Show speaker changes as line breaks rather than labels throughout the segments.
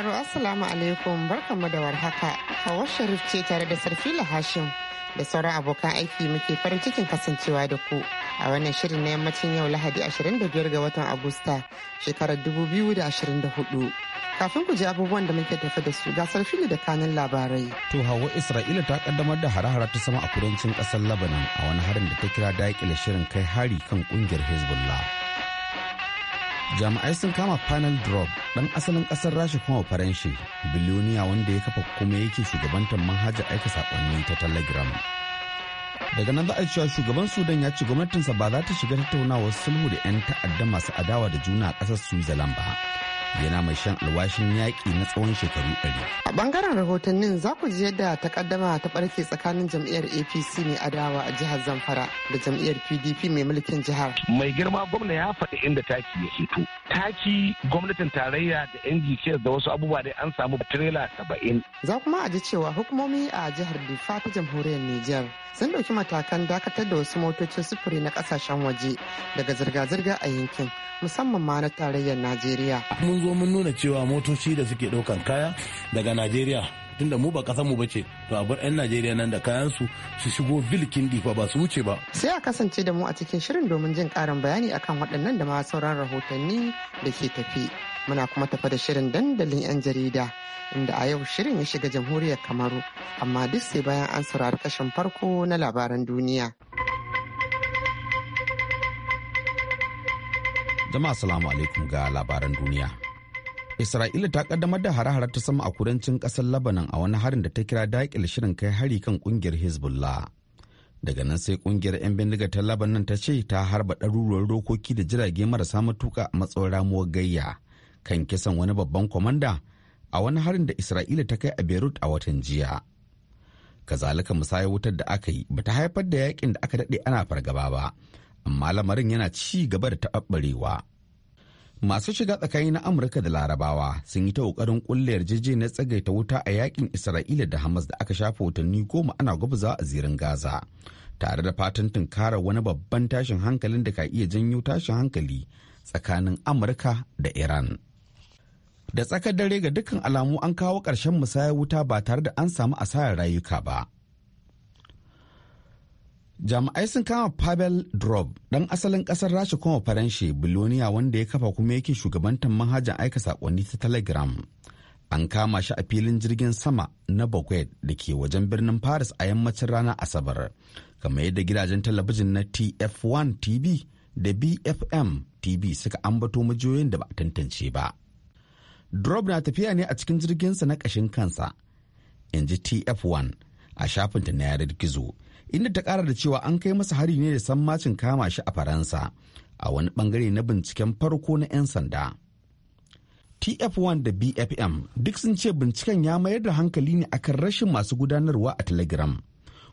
sauraro Assalamu alaikum barkanmu da warhaka. hawa Sharif ce tare da Sarfila Hashim da sauran abokan aiki muke farin cikin kasancewa da ku a wannan shirin na yammacin yau Lahadi 25 ga watan Agusta shekarar 2024. Kafin ku ji abubuwan da muke tafi da su ga Sarfila da kanin labarai.
To hawa Isra'ila ta kaddamar da hare-hare ta sama a kudancin kasar Lebanon a wani harin da ta kira da shirin kai hari kan kungiyar Hezbollah. jami'ai sun kama final drop ɗan asalin ƙasar rasha kuma faranshi biliyoniya wanda ya kafa kuma yake shugabantar manhajar aika sakonni ta telegram daga nan za a cewa shugaban sudan ya ce gwamnatinsa ba za ta shiga tattaunawar sulhu da 'yan ta'adda masu adawa da juna a ƙasar switzerland ba yana mai shan alwashin yaƙi na tsawon shekaru ɗari.
A ɓangaren rahotannin za ku ji yadda takaddama ta ɓarke tsakanin jam'iyyar APC mai adawa a jihar Zamfara da jam'iyyar PDP mai mulkin jihar.
Mai girma gwamna ya faɗi inda taki ya fito. Taki gwamnatin tarayya da NGK da wasu abubuwa dai an samu tirela saba'in.
Za kuma a ji cewa hukumomi a jihar Difa ta jamhuriyar Nijar sun ɗauki matakan dakatar da wasu motocin sufuri na ƙasashen waje daga zirga-zirga a yankin musamman ma na tarayyar Najeriya.
zo mun nuna cewa motoci da suke ɗaukan kaya daga najeriya tunda mu ba kasan mu ba ce to a bar 'yan najeriya nan da kayan su su shigo vilkin difa ba su wuce ba
sai a kasance da mu a cikin shirin domin jin ƙarin bayani akan waɗannan da ma sauran rahotanni da ke tafi muna kuma tafa da shirin dandalin 'yan jarida inda a yau shirin ya shiga jamhuriyar kamaru amma duk sai bayan an saurari kashin farko na labaran duniya
jama'a salamu alaikum ga labaran duniya Isra'ila ta kaddamar da hare-hare ta sama a kudancin kasar Lebanon a wani harin da ta kira daƙil shirin kai hari kan kungiyar Hezbollah. Daga nan sai kungiyar 'yan bindiga ta Lebanon ta ce ta harba ɗaruruwar rokoki da jirage marasa matuƙa a matsayin ramuwar gayya kan kisan wani babban kwamanda a wani harin da Isra'ila ta kai a Beirut a watan jiya. Kazalika musayar wutar da aka yi bata haifar da yakin da aka daɗe ana fargaba ba, amma lamarin yana ci gaba da taɓaɓɓarewa. masu shiga tsakani na amurka da larabawa sun yi ta kokarin kulle yarjejeniyar tsagaita wuta a yakin isra'ila da hamas da aka shafa watanni goma ana gwabza a zirin gaza tare da fatan tunkara wani babban tashin hankalin da ka iya janyo tashin hankali tsakanin amurka da iran da tsakar dare ga dukkan alamu an kawo ƙarshen musayar wuta ba tare da an samu asarar rayuka ba jami'ai sun kama pavel drob ɗan asalin ƙasar rasha kuma faranshi biloniya wanda ya kafa kuma yake shugabantar manhajar aika sakonni ta telegram an kama shi a filin jirgin sama na bokwet da ke wajen birnin paris a yammacin rana asabar kamar yadda gidajen talabijin na tf1 tv da bfm tv suka ambato majiyoyin da ba a tantance ba drob na tafiya ne a cikin jirginsa na kashin kansa in ji tf1 a shafinta na yanar gizo inda ta kara da cewa an kai masa hari ne da sammacin kama shi a faransa a wani bangare na binciken farko na 'yan sanda tf1 da bfm duk sun ce binciken ya mayar da hankali ne akan rashin masu gudanarwa a telegram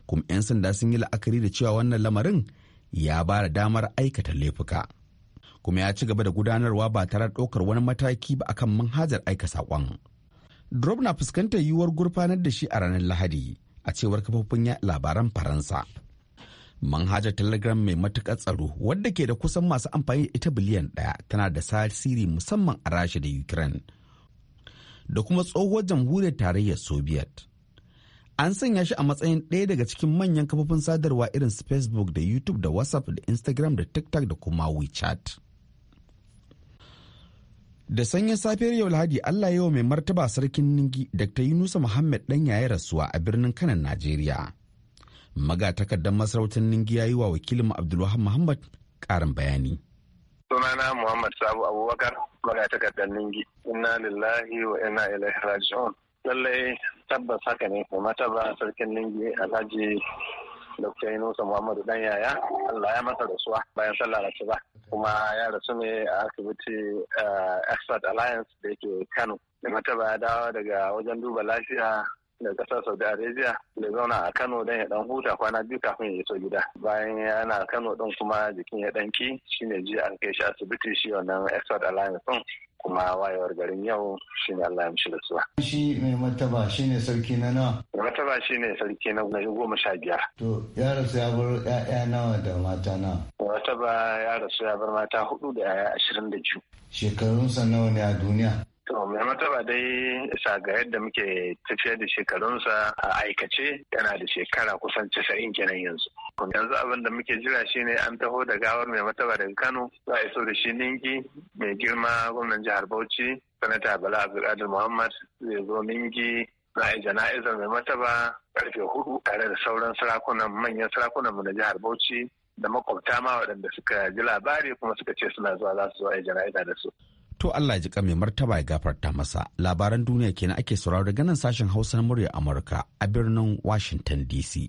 kuma 'yan sanda sun yi la'akari da cewa wannan lamarin ya ba da damar aikata laifuka kuma ya ci gaba da gudanarwa ba tare da ɗaukar wani mataki ba akan manhajar aika saƙon drop na fuskantar yiwuwar gurfanar da shi a ranar lahadi a cewar kafofin labaran faransa manhajar telegram mai matukar tsaro wadda ke da kusan masu amfani da ita biliyan daya tana da tasiri musamman a rasha da ukraine da kuma tsohuwar jamhuriyar tarayyar soviet an sanya shi a matsayin ɗaya daga cikin manyan kafofin sadarwa irin facebook da youtube da whatsapp da instagram da tiktok da kuma wechat da sanyin safiyar yau lahadi allah yau mai martaba sarkin ningi dr yunusa muhammad dan yaya rasuwa a birnin kanan najeriya magatakardar masarautar ningi ya yi wa wakilin abdulwahab muhammad karin bayani
sunana muhammad sabu abubakar magatakardar ningi inna lillahi wa inna ilaihi raji'un lallai tabbas haka ne kuma tabbas sarkin ningi alhaji Dr. Yunusa Muhammadu dan yaya Allah ya masa rasuwa bayan sallah da ba. kuma ya rasu ne a asibiti eh, Expert Alliance da yake Kano da mataba ya dawo daga wajen duba lafiya da kasar Saudi Arabia da zauna a Kano dan ya dan huta kwana biyu kafin ya iso gida. Bayan yana Kano din kuma jikin ya danki shine ji an kai shi asibiti shi wannan Expert Alliance din kuma wayewar garin yau shi ne Allah ya mishi rasuwa. Shi mai martaba shine sarki na nawa? Martaba shine sarki na goma sha biyar. To ya rasu ya bar ‘ya'ya nawa da mata nawa? Martaba ya rasu ya bar mata hudu da ‘ya'ya ashirin da biyu. Shekarunsa nawa ne a duniya? To mai mataba dai isa ga yadda muke tafiyar da shekarunsa a aikace yana da shekara kusan casa'in kenan yanzu. Yanzu abin da muke jira shi ne an taho da gawar mai mataba daga Kano za a iso da shi ninki mai girma gwamnan jihar Bauchi sanata Bala Abdulkadir Muhammad zai zo ninki za a yi jana'izar mai mataba karfe hudu tare da sauran sarakunan manyan sarakunan mu na jihar Bauchi da makwabta ma waɗanda suka ji labari kuma suka ce suna zuwa za su zo a yi jana'iza da su.
To Allah ya ka mai martaba ya gafarta masa. Labaran duniya kenan ake sauraro daga nan sashen Hausa na murya Amurka a birnin Washington DC.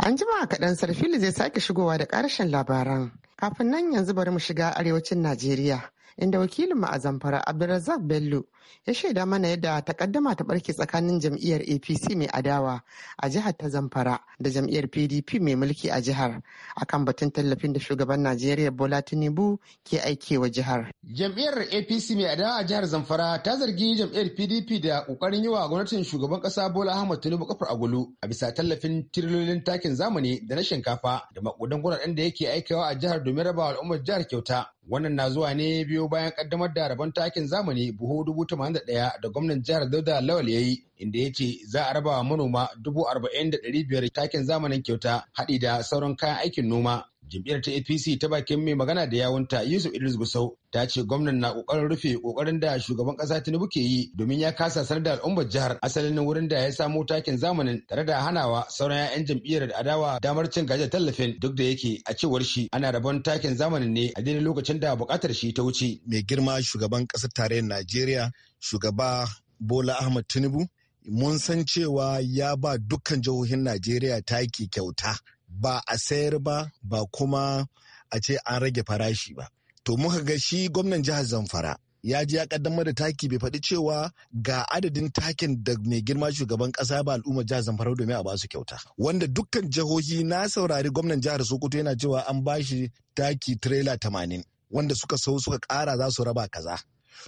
An jima kaɗan sarfili zai sake shigowa da ƙarshen labaran. Kafin nan yanzu bari mu shiga arewacin Najeriya. inda wakilin wakilinmu a zamfara abdulrazak bello ya shaida mana yadda takaddama ta barke tsakanin jam'iyyar apc mai adawa a jihar ta zamfara da jam'iyyar pdp mai mulki a jihar akan batun tallafin da shugaban najeriya bola tinubu ke aikewa jihar
jam'iyyar apc mai adawa a jihar zamfara ta zargi jam'iyyar pdp da kokarin yi wa gwamnatin shugaban kasa bola ahmad tinubu kafar agulu a bisa tallafin tirilolin takin zamani da na shinkafa da makudan guraren da yake aikawa a jihar domin raba al'ummar jihar kyauta Wannan na zuwa ne biyo bayan kaddamar da rabon takin zamani buhu dubu ɗaya da gwamnan jihar Dauda Lawal ya yi inda ya ce za a raba wa manoma dubu arba'in da ɗari biyar takin zamanin kyauta haɗi da sauran kayan aikin noma. jam'iyyar ta apc ta bakin mai magana da yawunta yusuf idris gusau ta ce gwamnan na kokarin rufe kokarin da shugaban kasa tinubu ke yi domin ya kasa sanar da al'ummar jihar asalin wurin da ya samo takin zamanin tare da hanawa sauran 'yan jam'iyyar da adawa damar cin gajiyar tallafin duk da yake a cewar shi ana rabon takin zamanin ne a daidai lokacin da bukatar shi ta wuce mai girma shugaban kasar
tarayyar najeriya shugaba bola ahmad tinubu mun san cewa ya ba dukkan jihohin najeriya taki kyauta ba a sayar ba ba kuma a ce an rage farashi ba to muka ga shi gwamnan jihar zamfara ya ji ya kaddamar da taki bai faɗi cewa ga adadin takin da mai girma shugaban ƙasa ba al'ummar jihar zamfara domin a ba su kyauta wanda dukkan jihohi na saurari gwamnan jihar sokoto yana cewa an ba shi taki tirela tamanin wanda suka sau suka ƙara za su raba kaza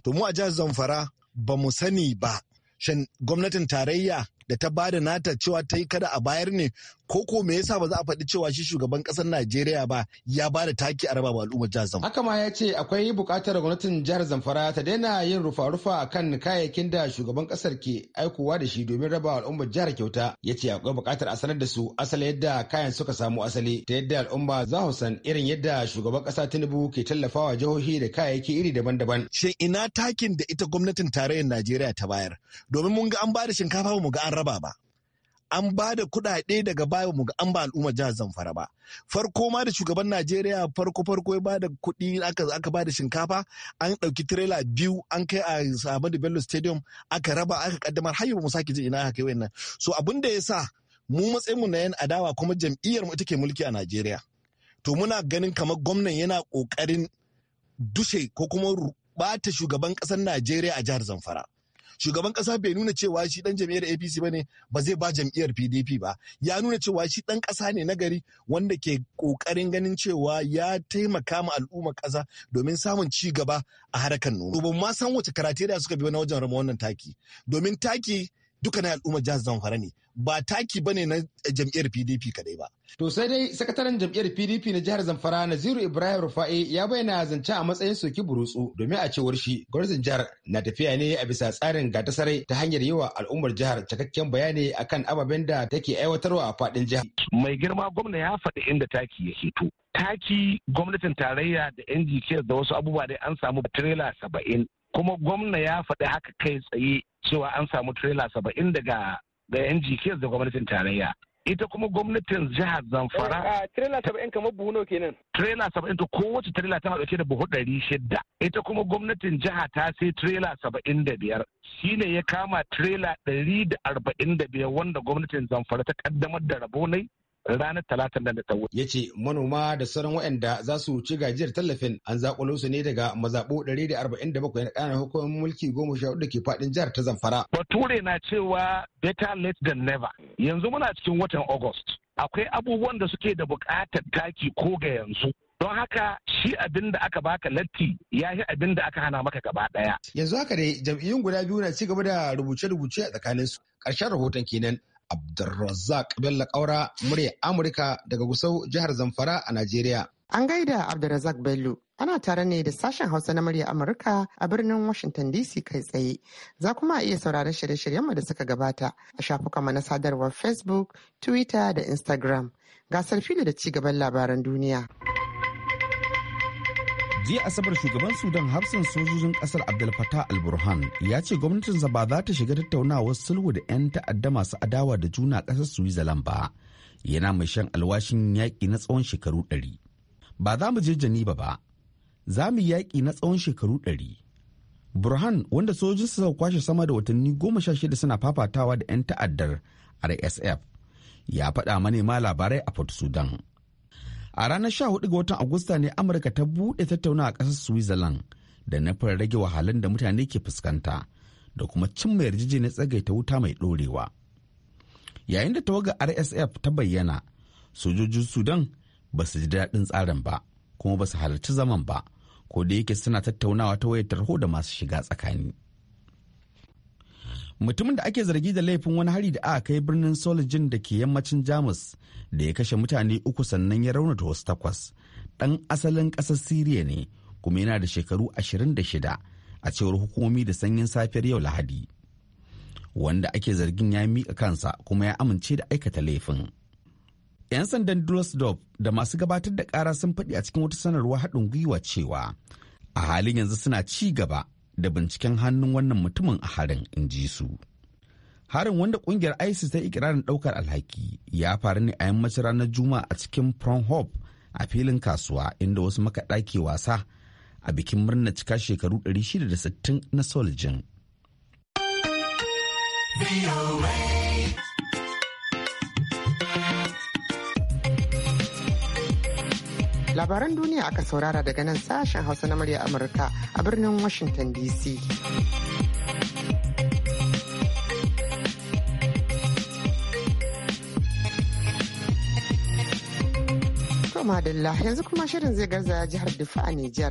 to mu a jihar zamfara ba mu sani ba shan gwamnatin tarayya da ta bada nata cewa ta yi kada a bayar ne ko ko me yasa ba za a faɗi cewa shi shugaban ƙasar Najeriya ba ya bada taki a raba ba al'ummar jihar Zamfara.
Haka ma ya ce akwai buƙatar gwamnatin jihar Zamfara ta daina yin rufa-rufa kan kayayyakin da shugaban ƙasar ke aikowa da shi domin raba al'ummar jihar kyauta. Ya ce akwai buƙatar a sanar da su asali yadda kayan suka samu asali ta yadda al'umma za su san irin yadda shugaban ƙasa Tinubu ke tallafawa jihohi da kayayyaki iri daban-daban. Shin ina
takin da ita gwamnatin tarayyar Najeriya ta bayar? Domin mun ga an ba da shinkafa mu ga an raba ba an ba da kuɗaɗe daga baya mu ga an ba al'umma jihar Zamfara ba. Farko ma da shugaban Najeriya farko farko ya ba da kuɗi aka aka ba da shinkafa an ɗauki tirela biyu an kai a Ahmadu Bello Stadium aka raba aka kaddamar har mu sake ji ina aka kai wannan. So abin da ya sa mu matsayin mu na yan adawa kuma jam'iyyar mu ita ke mulki a Najeriya. To muna ganin kamar gwamnan yana ƙoƙarin dushe ko kuma ɓata shugaban ƙasar Najeriya a jihar Zamfara. shugaban kasa bai nuna cewa shi dan jam'iyyar apc ba ne ba zai ba jam'iyyar pdp ba ya nuna cewa shi dan kasa ne na gari wanda ke kokarin ganin cewa ya taimaka ma al'ummar kasa domin samun ci gaba a harkar noma. Ba ma san wace da suka bi wani wajen rama wannan taki domin taki duka na al'ummar jihar zamfara ne ba taki ba ne na jam'iyyar pdp kadai ba.
to sai dai sakataren jam'iyyar pdp na jihar zamfara naziru ibrahim rufa'i ya bayyana zance a matsayin soki burutsu domin a cewar shi gwamnatin jihar na tafiya ne a bisa tsarin gatasarai ta hanyar yi wa al'ummar jihar cikakken bayani akan ababen da take aiwatarwa a faɗin jihar. mai girma gwamna ya faɗi inda taki ya hito taki gwamnatin tarayya da yan da wasu abubuwa dai an samu tirela saba'in kuma gwamna ya faɗi haka kai tsaye cewa an samu trailer saba'in daga da yan jikiyar da gwamnatin tarayya ita kuma gwamnatin jihar zamfara eh,
ah, trailer saba'in kamar buhu nawa kenan
trailer saba'in to kowace trailer ta dauke da buhu ɗari shida ita kuma gwamnatin jiha ta sai trailer saba'in da biyar shine ya kama trailer ɗari da arba'in da biyar wanda gwamnatin zamfara ta kaddamar da rabonai? ranar talatin da ta wuce. Ya ce manoma da sauran waɗanda za su ci gajiyar tallafin an zakulo su ne daga mazaɓo 147 na ƙananan hukumar mulki goma sha da ke faɗin jihar ta Zamfara. Bature na cewa better late than never. Yanzu muna cikin watan August. Akwai abubuwan da suke da buƙatar taki ko ga yanzu. don haka shi abin da aka baka latti ya yi abin da aka hana maka gaba daya. Yanzu haka dai jam'iyyun guda biyu na ci gaba da rubuce-rubuce a tsakaninsu. Ƙarshen rahoton kenan. Abdulrazak Bello Kaura murya Amurka daga Gusau jihar Zamfara a Najeriya.
An gaida Abdulrazak Bello ana tare ne da sashen Hausa na murya Amurka a birnin Washington DC kai tsaye. Za kuma iya sauraron shirye-shiryenmu da suka gabata a shafukanmu na sadarwar Facebook, Twitter da Instagram. Gasar fili da ci gaban labaran duniya.
jiya asabar shugaban sudan hafsan sojojin kasar abdul al-burhan ya ce gwamnatinsa ba za ta shiga tattaunawar sulhu da 'yan ta'adda masu adawa da juna kasar switzerland ba yana mai shan alwashin yaƙi na tsawon shekaru ɗari. ba za mu je janiba ba za mu yaƙi na tsawon shekaru ɗari. burhan wanda sojojin suka kwashe sama da watanni goma sha shida suna fafatawa da 'yan ta'addar rsf ya faɗa manema labarai a port sudan a ranar 14 ga watan agusta ne amurka ta buɗe tattauna a ƙasar switzerland da na nufin rage wahalan da mutane ke fuskanta da kuma cimma yarjejeniyar tsagaita wuta mai ɗorewa yayin da tawaga rsf ta bayyana sojojin sudan ba su ji daɗin tsarin ba kuma ba su halarci zaman ba ko da yake suna tattaunawa ta wayar tarho da masu shiga tsakani mutumin da ake zargi da laifin wani hari da aka kai birnin solijin da ke yammacin jamus da ya kashe mutane uku sannan ya raunata wasu takwas ɗan asalin ƙasar siriya ne kuma yana da shekaru ashirin da shida a cewar hukumomi da sanyin safiyar yau lahadi wanda ake zargin ya mika kansa kuma ya amince da aikata laifin 'yan sandan drosdorf da masu gabatar da ƙara sun faɗi a cikin wata sanarwa haɗin gwiwa cewa a halin yanzu suna ci gaba da binciken hannun wannan mutumin a harin in ji su. Harin wanda kungiyar ISIS ta ikirarin daukar alhaki ya faru ne a yammacin ranar Juma'a a cikin Pronhop a filin kasuwa inda wasu makaɗa ke wasa a bikin murna cika shekaru 660 na Soljin.
Labaran duniya aka saurara daga nan sashen Hausa na murya Amurka a birnin Washington DC. madalla yanzu kuma shirin zai garzaya jihar Difa a Nijar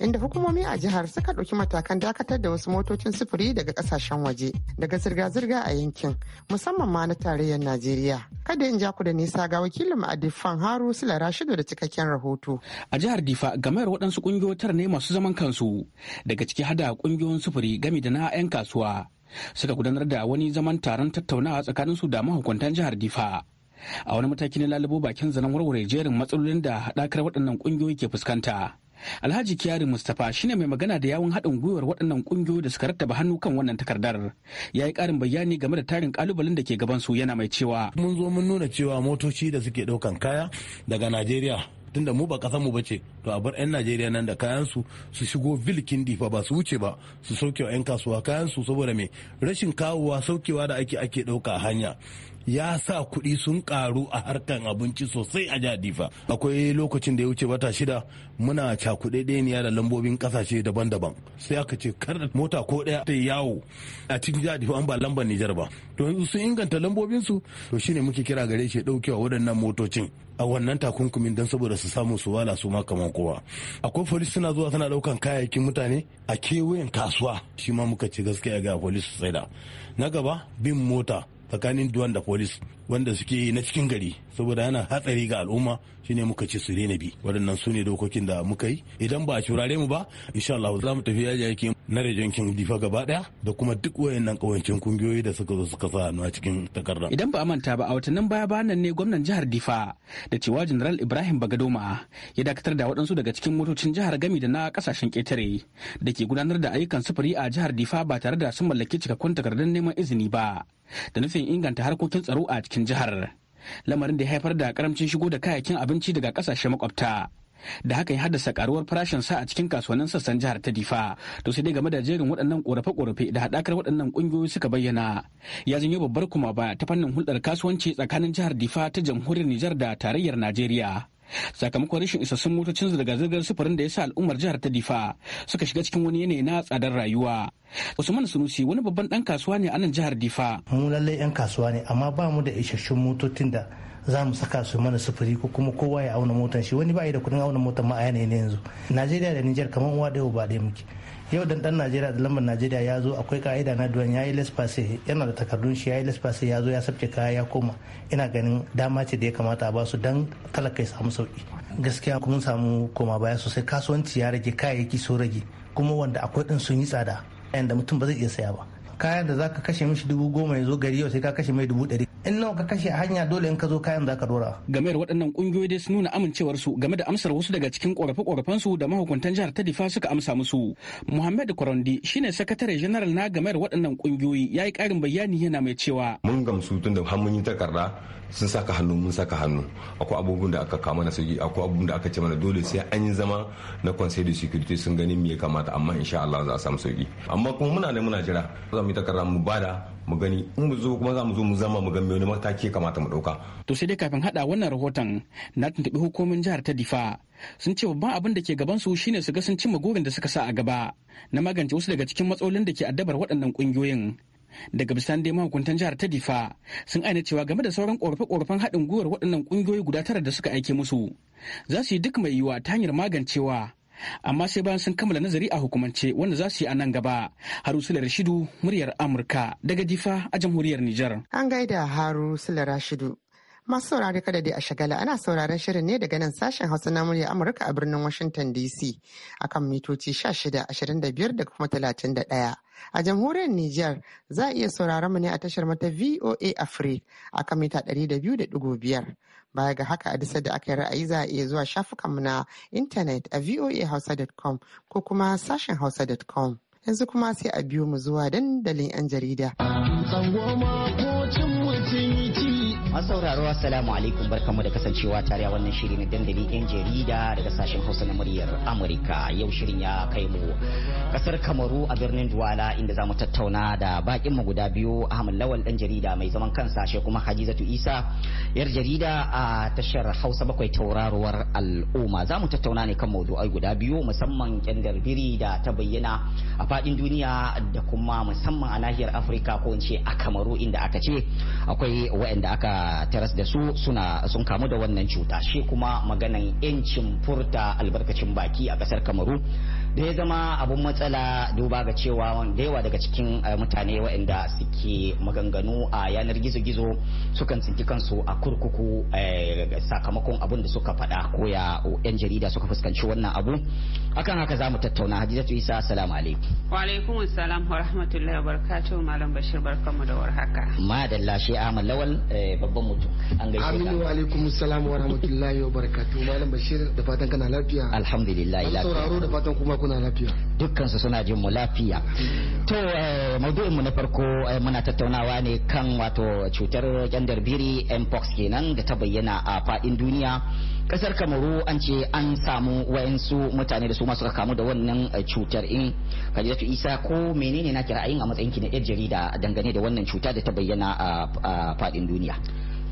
inda hukumomi a jihar suka ɗauki matakan dakatar da wasu motocin sufuri daga ƙasashen waje daga zirga-zirga a yankin musamman ma na tarayyar Najeriya. Kada in ja ku da nisa ga wakilin a adifan Haru sila Rashidu da cikakken rahoto. A
jihar Difa gamayar waɗansu ƙungiyotar ne masu zaman kansu daga ciki hada ƙungiyoyin sufuri gami da na 'yan kasuwa. Suka gudanar da wani zaman taron tattaunawa tsakanin su da mahukuntan jihar Difa. a wani mataki na lalubo bakin zanen warware jerin matsalolin da haɗakar waɗannan ƙungiyoyi ke fuskanta Alhaji Kiyari Mustapha shine mai magana da yawun haɗin gwiwar waɗannan ƙungiyoyi da suka rattaba hannu kan wannan takardar. Ya yi ƙarin bayani game da tarin ƙalubalen da ke gaban su yana mai cewa. Mun zo mun nuna cewa motoci da suke ɗaukan kaya daga Najeriya tunda mu
ba ƙasar mu bace to a bar 'yan Najeriya nan da kayan su su shigo vilkin difa ba su wuce ba su sauke wa 'yan kasuwa kayan su saboda mai rashin kawowa saukewa da ake ake ɗauka hanya ya sa kuɗi sun karu a harkan abinci sosai a jadifa akwai lokacin da ya wuce wata shida muna cakuɗaɗɗeniya da lambobin ƙasashe daban-daban sai aka ce kar mota ko ɗaya ta yawo a cikin jadifa an ba lambar nijar ba to yanzu sun inganta lambobin su to shine muke kira gare shi ɗaukewa waɗannan motocin a wannan takunkumin don saboda su samu su wala su ma kamar kowa akwai polis suna zuwa suna ɗaukan kayayyakin mutane a kewayen kasuwa shi ma muka ce gaskiya ga polis su tsaida na gaba bin mota tsakanin duwan da police wanda suke na cikin gari saboda yana hatsari ga al'umma shine muka ci su rena bi waɗannan su ne dokokin da muka yi idan ba a curare mu ba insha Allah za mu tafi yaji aiki na rajin kin difa gaba daya da kuma duk wayannan kawancin kungiyoyi da suka zo suka sa a cikin takarda idan
ba a manta ba a watannin baya bayan ne gwamnan jihar Difa da cewa General Ibrahim Bagadoma ya dakatar da waɗansu daga cikin motocin jihar Gami da na kasashen ƙetare da ke gudanar da ayyukan sufuri a jihar Difa ba tare da sun mallaki cikakkun takardun neman izini ba da nufin inganta harkokin tsaro a cikin arewacin jihar lamarin da ya haifar da karamcin shigo da kayayyakin abinci daga kasashe makwabta da haka ya haddasa karuwar farashin sa a cikin kasuwannin sassan jihar ta difa to sai dai game da jerin waɗannan korafe-korafe da haɗakar waɗannan ƙungiyoyi suka bayyana ya janyo babbar kuma ba ta fannin hulɗar kasuwanci tsakanin jihar difa ta jamhuriyar nijar da tarayyar najeriya sakamakon rashin isassun motocin zirga-zirgar sufurin da ya sa al'ummar jihar ta difa suka shiga cikin wani yanayi na tsadar rayuwa usman sunusi wani babban dan kasuwa ne anan jihar difa
mu lallai yan kasuwa ne amma ba mu da isassun motocin da za mu saka su mana sufuri ko kuma kowa ya auna motan shi wani ba da kudin auna motan ma a yanayi yanzu najeriya da niger kamar uwa ɗaya ba ɗaya muke yau dan dan najeriya da lambar najeriya ya zo akwai ka'ida na duwan ya yi lespase yana da takardun shi ya yi lespase ya zo ya sabce kaya ya koma ina ganin dama ce da ya kamata a basu dan talaka ya samu sauki gaskiya kuma samu koma baya sosai kasuwanci ya rage kayayyaki sun rage kuma wanda akwai din sun yi tsada yayin da mutum ba zai iya saya ba kayan da zaka kashe mishi dubu goma ya zo gari yau sai ka kashe mai dubu ɗari
in nawa ka kashe a hanya dole in ka zo kayan zaka dora gamayar waɗannan ƙungiyoyi dai su nuna amincewar su game da amsar wasu daga cikin ƙorafe ƙorafen su da mahukuntan jihar ta difa suka amsa musu muhammad shi ne sakatare general na game da waɗannan ƙungiyoyi ya yi ƙarin bayani yana mai cewa
mun gamsu tun da har mun yi takarda sun saka hannu mun saka hannu akwai abubuwan da aka kama na sauki akwai abubuwan da aka ce mana dole sai an yi zama na conseil de security sun gani me ya kamata amma insha Allah za a samu sauki
amma kuma muna ne muna jira za mu yi takarda mu bada mu gani in mu zo kuma za mu zo mu zama mu ga me wani mataki ya kamata mu dauka to sai dai kafin hada wannan rahoton na tuntubi hukumomin jihar ta Difa sun ce babban abin da ke gaban su shine su ga sun cimma gurin da suka sa a gaba na magance wasu daga cikin matsalolin da ke addabar waɗannan ƙungiyoyin daga bisan dai mahukuntan jihar ta difa sun aina cewa game da sauran korafe-korafen haɗin gwiwar waɗannan ƙungiyoyi guda tara da suka aike musu za su yi duk mai yiwuwa ta hanyar magancewa amma sai bayan sun kammala nazari a hukumance wanda za su yi a nan gaba harusula rashidu muryar amurka daga difa a jamhuriyar nijar
an gaida harusula rashidu masu saurari kada dai a shagala ana sauraren shirin ne daga nan sashen hausa na murya amurka a birnin washington dc akan mitoci 16 25 da kuma 31 A jamhuriyar Nijar za a iya sauraron mu ne a tashar mata VOA Africa a kan mita 200.5. Baya ga haka a disa da aka yi ra'ayi za a iya zuwa shafukanmu na intanet a voahausa.com ko kuma sashen hausa.com. Yanzu kuma sai a biyo mu zuwa dandalin 'yan jarida.
Masu sauraro assalamu alaikum barkamu da kasancewa tare a wannan shiri na dandali yan jarida daga sashen Hausa na muryar Amurka yau shirin ya kai mu kasar Kamaru a birnin Duwala inda za mu tattauna da bakin mu guda biyu Ahmad Lawal dan jarida mai zaman kansa shi kuma Hajizatu Isa yar jarida a tashar Hausa bakwai tauraruwar al'umma mu tattauna ne kan ai guda biyu musamman kyandar biri da ta bayyana a fadin duniya da kuma musamman a nahiyar Afirka ko in ce a Kamaru inda aka ce akwai waɗanda aka taras da su suna sun kamu da wannan cuta shi kuma maganan yancin furta albarkacin baki a kasar kamaru da ya zama abun matsala duba ga cewa da yawa daga cikin eh, mutane waɗanda suke maganganu a yanar gizo-gizo sukan tsinci kansu a kurkuku eh, sakamakon abin da suka faɗa ko ya 'yan jarida suka fuskanci wannan abu akan haka za mu tattauna hadizatu isa salamu alaikum
wa alaikum salam wa rahmatullahi wa barakatuh malam bashir barkanmu da warhaka
madalla shi ahmad lawal eh, babban mutum an gaishe ka aminu wa alaikum salam wa rahmatullahi wa barakatuh malam bashir da fatan kana lafiya alhamdulillah lafiya sauraro da fatan kuma kuna lafiya dukkansu suna jin mu lafiya to eh, maudu'in mu na farko eh, muna tattaunawa ne kan wato cutar gender biri mpox kenan da ta bayyana a fadin duniya kasar kamaru an ce an samu wayansu mutane da su ma suka kamu da wannan eh, cutar in kadijatu isa ko menene na ra'ayin a matsayin ki na yar jarida dangane da wannan cuta da ta bayyana a fadin duniya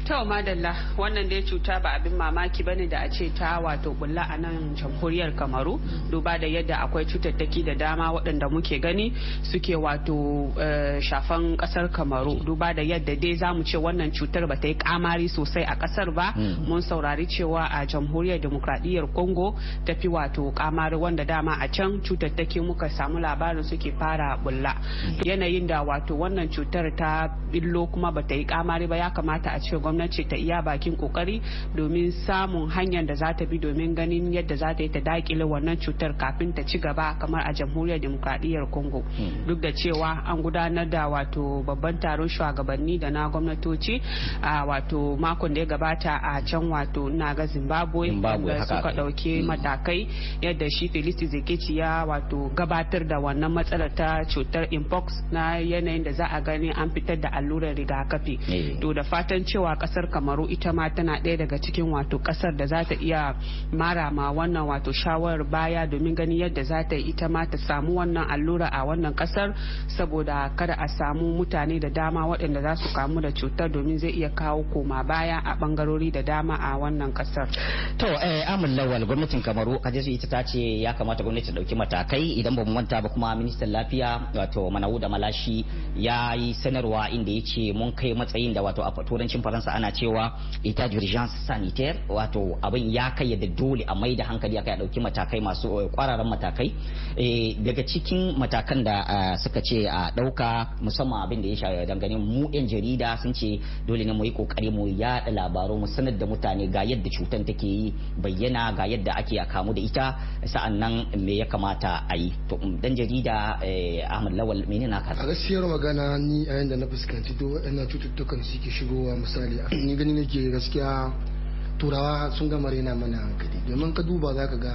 tawa madalla wannan dai cuta ba abin mamaki bane da a ce ta wato bulla a nan jamhuriyar Kamaru duba da yadda akwai cutattaki da dama waɗanda muke gani suke wato eh, shafan ƙasar Kamaru duba da yadda dai zamu ce wannan cutar ba ta yi kamari sosai a ƙasar ba hmm. mun saurari cewa a jamhuriyar demokradiyyar Congo ta fi wato kamari wanda dama a can cutattaki muka samu labarin suke fara bulla hmm. yanayin da wato wannan cutar ta billo kuma ba ta yi kamari ba ya kamata a ce gwamnati gwamnati ta iya bakin kokari domin samun hanyar da za ta bi domin ganin yadda za ta yi ta dakile wannan cutar kafin ta ci gaba kamar a jamhuriyar demokradiyyar congo hmm. duk da cewa an gudanar da wato babban taron shugabanni da na gwamnatoci a wato makon da ya gabata a can wato na ga zimbabwe da suka dauke hmm. matakai yadda shi felisti zekeci ya wato gabatar da wannan matsalar ta cutar impox na yanayin da za a gani an fitar da allurar rigakafi eh. to da fatan cewa kasar kamaru ita ma tana ɗaya daga cikin wato kasar da za ta iya mara ma wannan wato shawarar baya domin gani yadda za ta yi ita ma ta samu wannan allura a wannan kasar saboda kada a samu mutane da dama waɗanda za su kamu da cutar domin zai iya kawo koma baya a bangarori da dama a wannan kasar.
To eh, Amin Lawal gwamnatin Kamaru Kajesu ita ta ce ya kamata gwamnati ta ɗauki matakai idan ba mu manta ba kuma ministan lafiya wato Manawu da Malashi ya yi sanarwa inda ya ce mun kai matsayin da wato a turancin Faransa ana cewa ita d'urgence sanitaire wato abin ya kai da dole a mai da hankali aka dauki matakai masu kwararan eh, matakai eh, daga cikin matakan da eh, suka ce a dauka musamman abin da ya shafi dangane mu yan jarida sun ce dole ne mu yi kokari mu yada labaru mu sanar da mutane ga yadda cutar take yi bayyana ga yadda ake a kamu da ita sa'an nan me ya kamata a yi to dan jarida Ahmad Lawal menene naka a
gaskiyar magana ni a yanda na fuskanci duk waɗannan cututtukan suke shigowa misali ni gani nake gaskiya turawa sun gama raina mana hankali domin ka duba za ka ga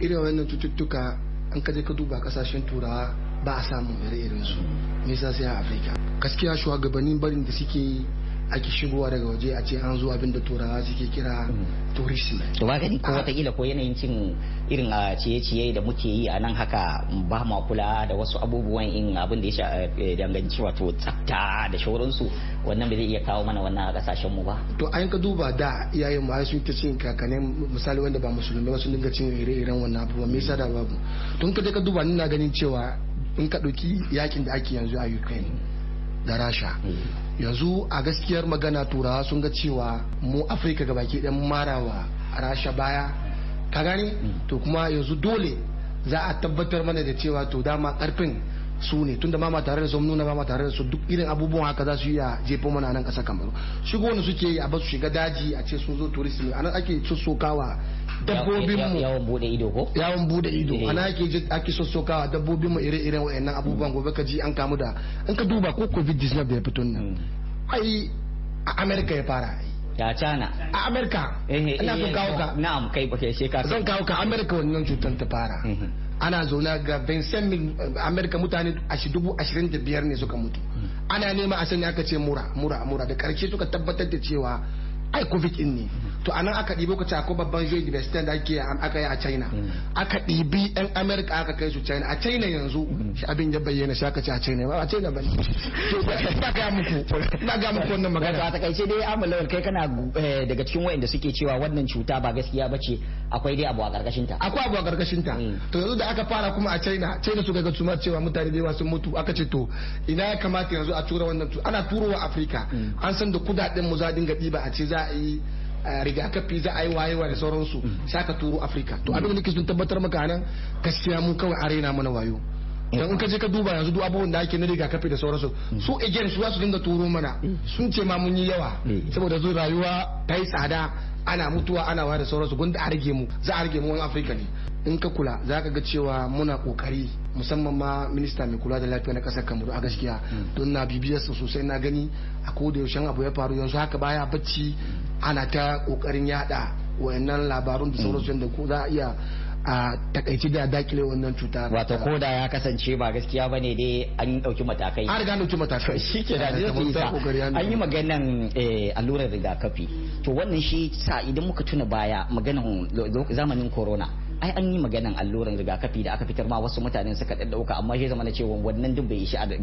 irin wannan cututtuka an ka je ka duba kasashen turawa ba a samu ire-irin su nisa sai a afirka gaskiya shugabannin barin da suke ake shigowa daga waje a ce an zo abin da turawa suke kira hmm. tourism to ba gani ko
watakila ko yanayin cin irin a ah, ciye-ciye da muke yi a nan haka ba ma kula da wasu abubuwan in abin da ya eh, danganci wato tsafta da shauransu wannan bai zai iya kawo mana wannan a kasashen mu ba
to an ka duba da iyayen mu sun ta cin kakanin misali wanda ba musulmi ba sun dinga cin ire-iren wannan abubuwa me yasa da babu to in ka je ka duba ni na ganin cewa in ka ɗauki yakin da ake yanzu a Ukraine da Rasha yanzu a gaskiyar magana turawa sun ga cewa mu afirka ga baki ɗan marawa rasha baya ka gani mm. to kuma yanzu dole za a tabbatar mana da cewa to dama karfin su ne tunda ba ma tare da su nuna ma tare da su duk irin abubuwan haka za su yi a jefa mana nan kasa kamaru shigo wani suke yi a basu shiga daji a ce sun zo turist ne nan ake sossokawa
dabbobin mu yawon bude ido ko yawon bude ido eh. ana
ake ji ake sossoka dabbobin mu ire-iren wayannan abubuwan gobe ka ji an kamu da an ka duba ko covid-19 da ya fito nan hmm. ai a america ya fara
Ya cana a america eh, eh, ina so kawo ka na'am kai ba kai shekara zan
kawo ka america wannan cutar ta fara hmm, hmm. ana zaune ga vincent mil america mutane dubu ashirin da biyar ne suka mutu ana nema a sani aka ce mura mura mura da karshe suka tabbatar da cewa ai covid in ne to anan aka ɗibi ku ko babban joint university da ake aka yi a china mm. aka ɗibi yan america aka kai su china a china yanzu mm. shi abin ya bayyana shi aka ce a china ba a china ba to
ba ga
muku ba ga muku wannan magana to a
takaice dai amalar kai kana eh, daga cikin wayanda suke cewa wannan cuta ba gaskiya bace akwai dai abu a karkashin akwai abu a karkashin ta mm. to yanzu da aka fara kuma a China China su ga suma cewa mutane da yawa sun
mutu aka ce to ina ya kamata yanzu a tura wannan ana turowa Afirka mm. an san da kudaden mu za dinga diba a ce za a yi rigakafi za a yi wayewa da sauransu mm. sai ka turo Afirka to abin da nake sun tabbatar maka nan gaskiya mu kawai arena mana wayo eh. dan in ka je ka duba yanzu duk abubuwan da ake na rigakafi da sauransu su again su za su dinga turo mana sun ce ma mun yi yawa eh. saboda zo rayuwa ta yi tsada ana mutuwa ana waya da sauransu gunda a rage mu za a rage mu wani afirka ne in ka kula za ka ga cewa muna kokari musamman ma minista mai kula da lafiya na kasar kamaru a gaskiya mm. don na bibiyar su sosai na gani a koda yaushe abu ya faru yanzu haka baya bacci mm. ana ta kokarin yada wayannan labarun da mm. sauransu yadda ko za a iya a takaici da dakile wannan cuta wato ko da ya
kasance ba gaskiya ba ne dai an dauki matakai an riga an dauki matakai shi ke da zai an yi maganan eh, allurar rigakafi to wannan shi sa idan muka tuna baya maganan zamanin corona ai an yi maganan alluran rigakafi da aka fitar ma wasu mutane suka ɗauka amma shi zama na cewa wannan duk bai ishi eh,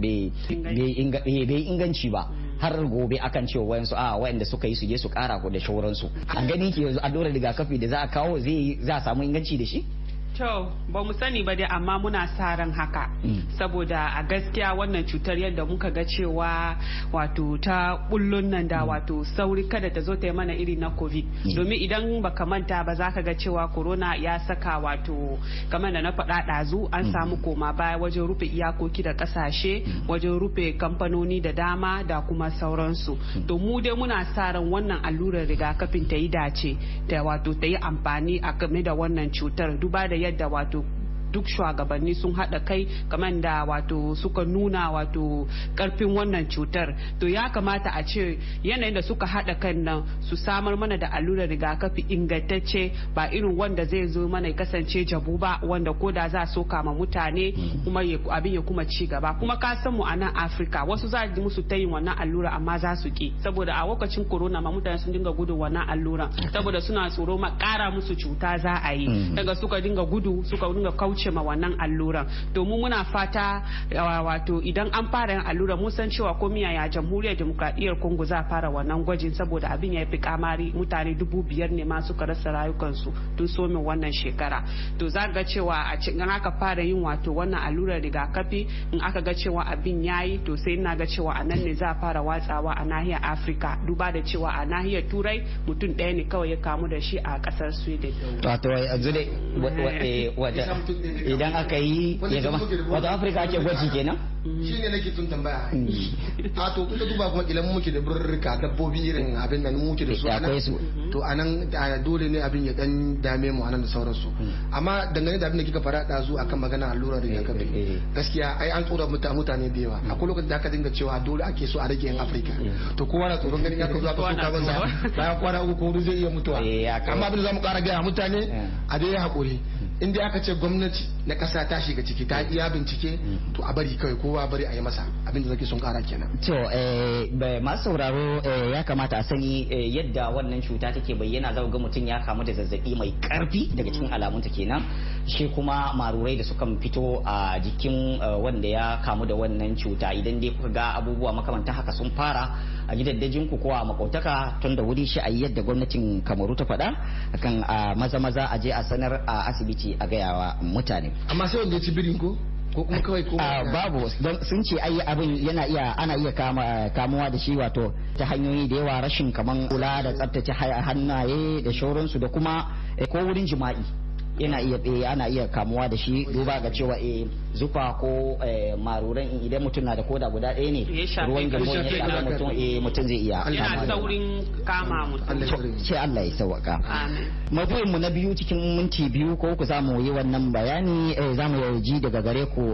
bai inganci ba har gobe akan cewa wayansu a ah, wayanda suka yi su je su kara da shauransu a gani ke yanzu allurar rigakafi da za a kawo zai za a samu inganci da shi
To, ba mu sani ba dai amma muna sa ran haka. Mm. Saboda a gaskiya wannan cutar yadda muka ga cewa wato ta kullun nan da mm. wato sauri kada ta zo ta yi mana iri na COVID. Mm. Domin idan baka manta ba za ka ga cewa corona ya saka wato kamar da na faɗa ɗazu an samu koma baya wajen rufe iyakoki da ƙasashe wajen rufe kamfanoni da dama da kuma sauransu. To mu dai muna sa ran wannan allurar rigakafin ta yi dace ta wato ta yi amfani a game da wannan cutar duba da yadda wato duk shugabanni sun hada kai kamar da wato suka nuna wato karfin wannan cutar to ya kamata a ce yanayin da suka hada kan nan su samar mana da allurar rigakafi ingantacce ba irin wanda zai zo mana ya kasance jabu ba wanda ko da za so kama mutane kuma abin ya kuma ci gaba kuma ka san mu a nan afirka wasu za su musu ta yin wannan allura amma za su ki saboda a lokacin corona ma mutane sun dinga gudu wannan allura saboda suna tsoro ma kara musu cuta za a yi mm. daga suka dinga gudu suka dinga kauce wuce ma wannan alluran domin muna fata wato idan an fara yin alluran mun san cewa ko miya ya jamhuriyar demokradiyyar kongo za fara wannan gwajin saboda abin ya fi kamari mutane dubu biyar ne ma suka rasa rayukansu tun somin wannan shekara to za ga cewa a cikin aka fara yin wato wannan alluran rigakafi in aka ga cewa abin ya yi to sai ina ga cewa a nan ne za a fara watsawa a nahiyar afirka duba da cewa a nahiyar turai mutum ɗaya ne kawai ya kamu da shi a kasar sweden
wato yanzu eh, idan aka yi ya gama wato afirka ake gwaji nan
shi ne nake tun tambaya mm. a to kuka duba kuma ilan muke da birrika dabbobi irin mm. abin nan muke da su anan to anan dole ne abin ya dan dame mu anan da sauransu mm. amma dangane da abin da kika fara da zu akan magana allurar eh, rigakafi eh, eh. gaskiya ai an tsoro mutane da yawa akwai lokacin da aka dinga cewa dole ake so a rage yan afirka to kowa na tsoron ganin aka zo ka soka banza bayan kwana uku ko zai iya mutuwa amma abin da zamu kara ga mutane a dai hakuri dai aka ce gwamnati na kasa ta shiga ciki ta iya bincike to a bari kawai kowa bari a yi masa abinda zaki sun kara kenan
to eh, masu sauraro eh, ya kamata a sani eh, yadda wannan cuta take bayyana za ga mutum ya kamu da zazzabi mai karfi daga cikin alamunta kenan shi kuma marurai da suka fito a jikin wanda ya kamu da wannan cuta idan dai kuka ga abubuwa makamantan haka sun fara a gidaddajin ku ko a makautaka tun da wuri shi a yadda gwamnatin kamaru ta faɗa akan ah, maza maza a je a sanar a asibiti a gayawa mutane
amma sai wanda ya ci birin ko ko kuma kawai ko ah, babu don
sun ce ai abin yana iya ana iya kamuwa da shi wato ta hanyoyi da yawa rashin kaman kula da tsaftace hannaye da shauransu da kuma eh, ko wurin jima'i yana iya eh, ana iya kamuwa da shi duba ga cewa eh zufa ko eh, maruran idan mutum na da koda guda ɗaya ne ruwan ne ya shafa mutum eh mutum zai iya yana saurin kama mutum sai Allah ya sauwaka Amin. mu na biyu cikin minti biyu ko ku za mu yi wannan bayani eh, za mu ji daga gare ku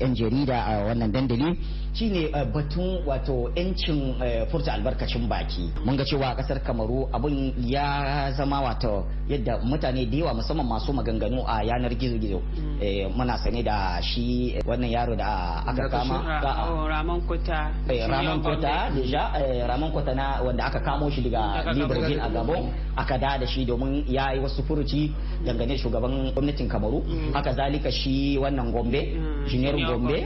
yan jarida a wannan dandali shine eh, batun wato 'yancin eh, furta albarkacin baki mun ga cewa a kasar kamaru abun ya zama wato yadda mutane da yawa musamman masu maganganu a yanar gizo-gizo mm. eh, muna sane da shi wannan yaro da aka kama
oh, ramon kota
ramon kota deja ramon kota na wanda aka kamo shi daga libreville a gabon aka da da shi domin ya yi wasu furuci dangane shugaban gwamnatin kamaru mm. haka zalika shi wannan gombe mm. junior gombe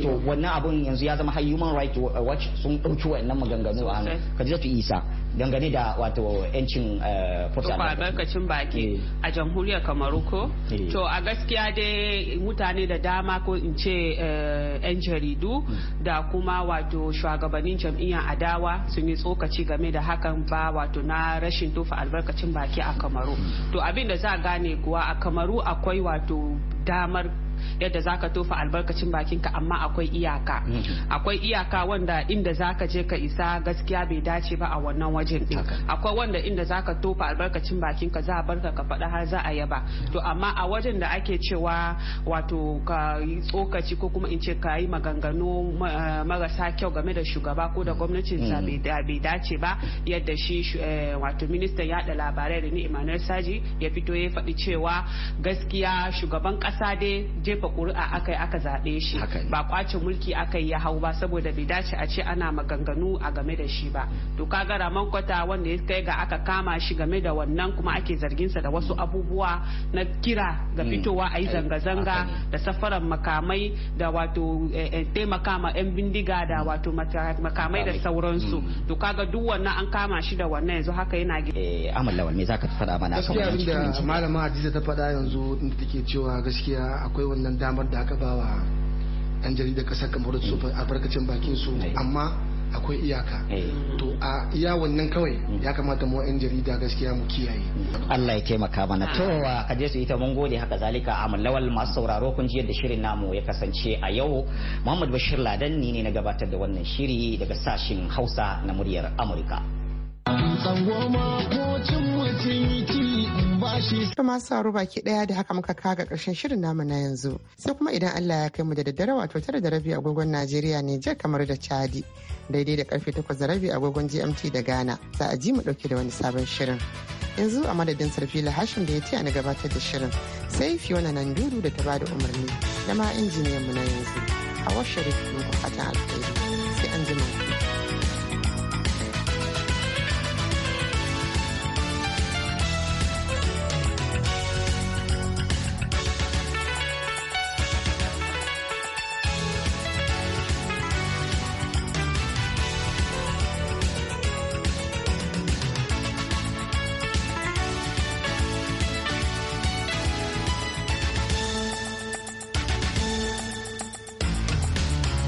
to wannan abun yanzu ya zama har human right uh, watch sun ɗauki wayannan maganganu a hannu kadizatu isa dangane da wato yancin fursa uh, albarkacin baki
a jamhuriyar kamaru eh. to a gaskiya dai mutane da dama ko in ce uh, yan jaridu hmm. da kuma wato shugabannin jam'iyyar adawa sun yi tsokaci game da hakan ba wato na rashin tofa albarkacin baki a kamaru hmm. to abin da za a gane kuwa a kamaru akwai wato damar yadda zaka tofa albarkacin bakinka amma akwai iyaka mm-hmm. akwai iyaka wanda inda zaka je ka isa gaskiya bai dace ba a wannan wajen din akwai wanda inda zaka tofa albarkacin bakinka za a barka ka faɗa har za a yaba to amma a wajen da ake cewa wato ka yi tsokaci ko kuma in ce ka yi maganganu eh, marasa kyau game da shugaba ko da gwamnatin sa bai mm. dace ba yadda shi eh, wato ministan da labarai da ni Emmanuel Saji ya fito ya faɗi cewa gaskiya shugaban kasa dai jefa ƙuri'a aka yi aka zaɓe shi ba kwace mulki aka yi ya hau ba saboda bai dace a ce ana maganganu a game da shi ba to kaga raman kwata wanda ya kai ga aka kama shi game da wannan kuma ake zarginsa da wasu abubuwa na kira ga mm. fitowa a yi zanga-zanga da safaran makamai da wato eh, eh, taimaka ma 'yan bindiga da mm. wato makamai da sauransu mm. to kaga duk wannan an kama shi da wannan yanzu haka yana gida
eh, amal lawal me zaka faɗa mana gaskiya abinda malama hadiza ta faɗa
yanzu inda take cewa gaskiya akwai wani wannan damar da aka bawa yan jaridar kasar kamar su albarkacin bakin su eh. amma akwai iyaka eh. to a iya wannan kawai mm. ya kamata mu yan jarida gaskiya mu kiyaye
Allah ya taimaka mana to a je su ita mun gode haka zalika a lawal masu sauraro kun ji yadda shirin namu ya kasance a yau Muhammad Bashir Ladan ni ne na gabatar da wannan shiri daga sashin Hausa na muryar Amurka
To masu sauro baki ɗaya da haka muka kaga ƙarshen shirin namu na yanzu. Sai kuma idan Allah ya kai mu da daddare wato tara da rabi agogon Najeriya ne jar kamar da Chadi. Daidai da karfe takwas da rabi agogon GMT da Ghana. Za a ji mu ɗauke da wani sabon shirin. Yanzu a madadin sarfi lahashin da ya tiya na gabatar da shirin. Sai Fiona Nanduru da ta bada umarni da ma injiniyan mu na yanzu. Hawa Sharif mun fatan alheri. Sai an